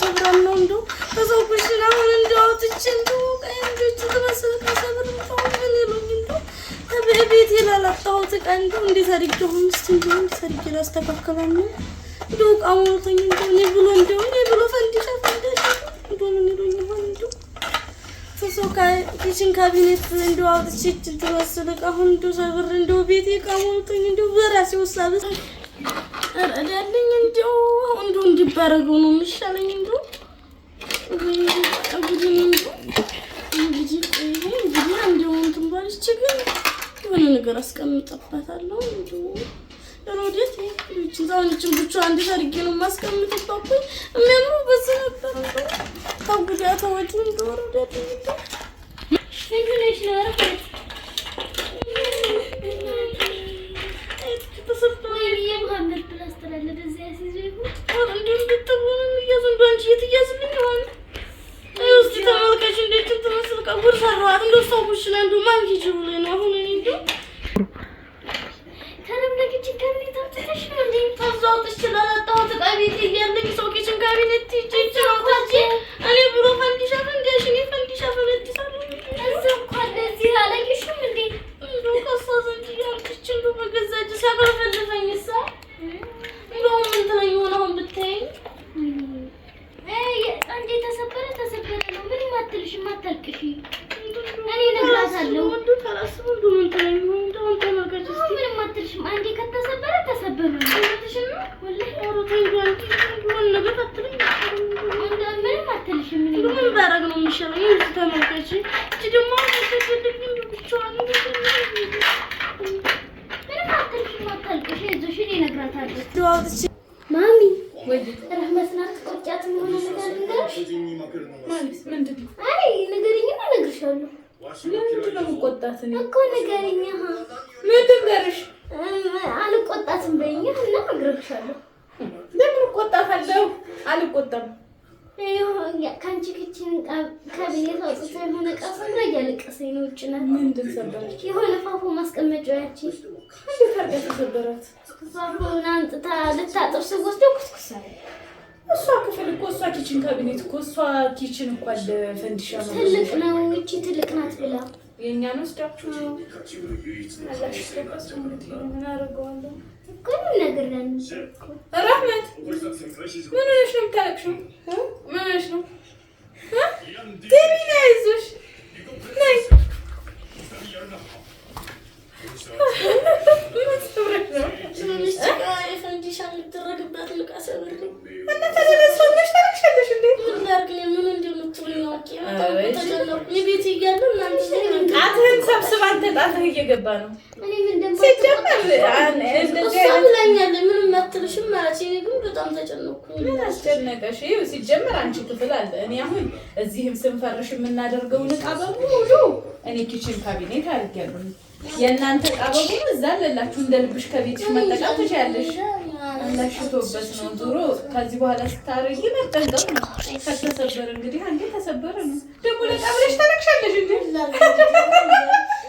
ሰብራም ነው እንደው ከሰው ኩሽና አሁን እንደው አውጥቼ እንደው ቀንጆቹ ተመሰለ ከሰብር እንደው ምን ይሉኝ ላላጣሁት ዕቃ እንደው እንዴት አድርጌ አሁን እስኪ እንደው እንዴት አድርጌ ላስተካከላም ነው ዕቃ ሞልቶኝ እንደው እኔ ብሎ እንደው እኔ ብሎ ፈንዲሻ ፈንዲሻ እንደው ምን ይሉኝ ይሆን እንደው ከሰው ኪችን ካቢኔት እንደው አውጥቼ እችን ትመስል ዕቃ አሁን እንደው ሰብር እንደው ቤቴ ዕቃ ሞልቶኝ እንደው በራሴ ውሳብስ ረዳልኝ እንደው እንዶ እንዲባረገው ነው የሚሻለኝ። እንዶ የሆነ ነገር አስቀምጠባታለሁ እንዶ ሮዴት ዛንችን ብቻ አንድ ታሪክ ነው ማስቀምጥባት የሚያምሩ በዚ ነበር ተጉዳተወት እንዶ ሮዴት እንግዲህ Böyle በስናት ቆጫት የሚሆነ ነገር ምንድን ነው? አይ ንገሪኝማ፣ እነግርሻለሁ። ለምንድን ነው የምቆጣት እኮ? ንገሪኝ። ምንድን ገርሽ? አልቆጣትም በይኝ እና እነግርሻለሁ። ለምን እቆጣታለሁ? አልቆጣም። ከአንቺ ክችን ከቤት አውጥታ የሆነ ዕቃ ሰብራ እያለቀሰኝ ነው። ውጭ ናት። ምንድን ሰበረች? የሆነ ፋፎ ማስቀመጫ ያቺ እንዴት አድርጋ ተሰበራት? ፋፎን አንጥታ ልታጥብ ስወስደው ኩስኩስ አለ። እሷ ክፍል እኮ እሷ ኪችን ካቢኔት እኮ እሷ ኪችን እኮ አለ። ፈንዲሻ ትልቅ ነው። እቺ ትልቅ ናት ብላ የእኛን ወስዳችሁ ራህመት ምን ሆነሽ ነው የምታለቅሽው? ምን ሆነሽ ነው? ገቢ ነው ያይዞሽ እየገባ ነው። ምንም ምን አስጨነቀሽ? ሲጀመር አንቺ ክፍል አለ። እኔ አሁን እዚህም ስንፈርሽ የምናደርገው እቃ በሙሉ እኔ ኪችን ካቢኔት አድርጊያለሁ። የእናንተ እቃ በሙሉ እዛ አለላችሁ። እንደ ልብሽ ከቤትሽ መጠቀም ትችያለሽ። እንዳሽቶበት ነው ዞሮ ከዚህ በኋላ ስታረጊ መጠንቀቅ ነው። ከተሰበረ እንግዲህ አንዴ ተሰበረ ነው። ደግሞ ለቃ ብለሽ እንዴ?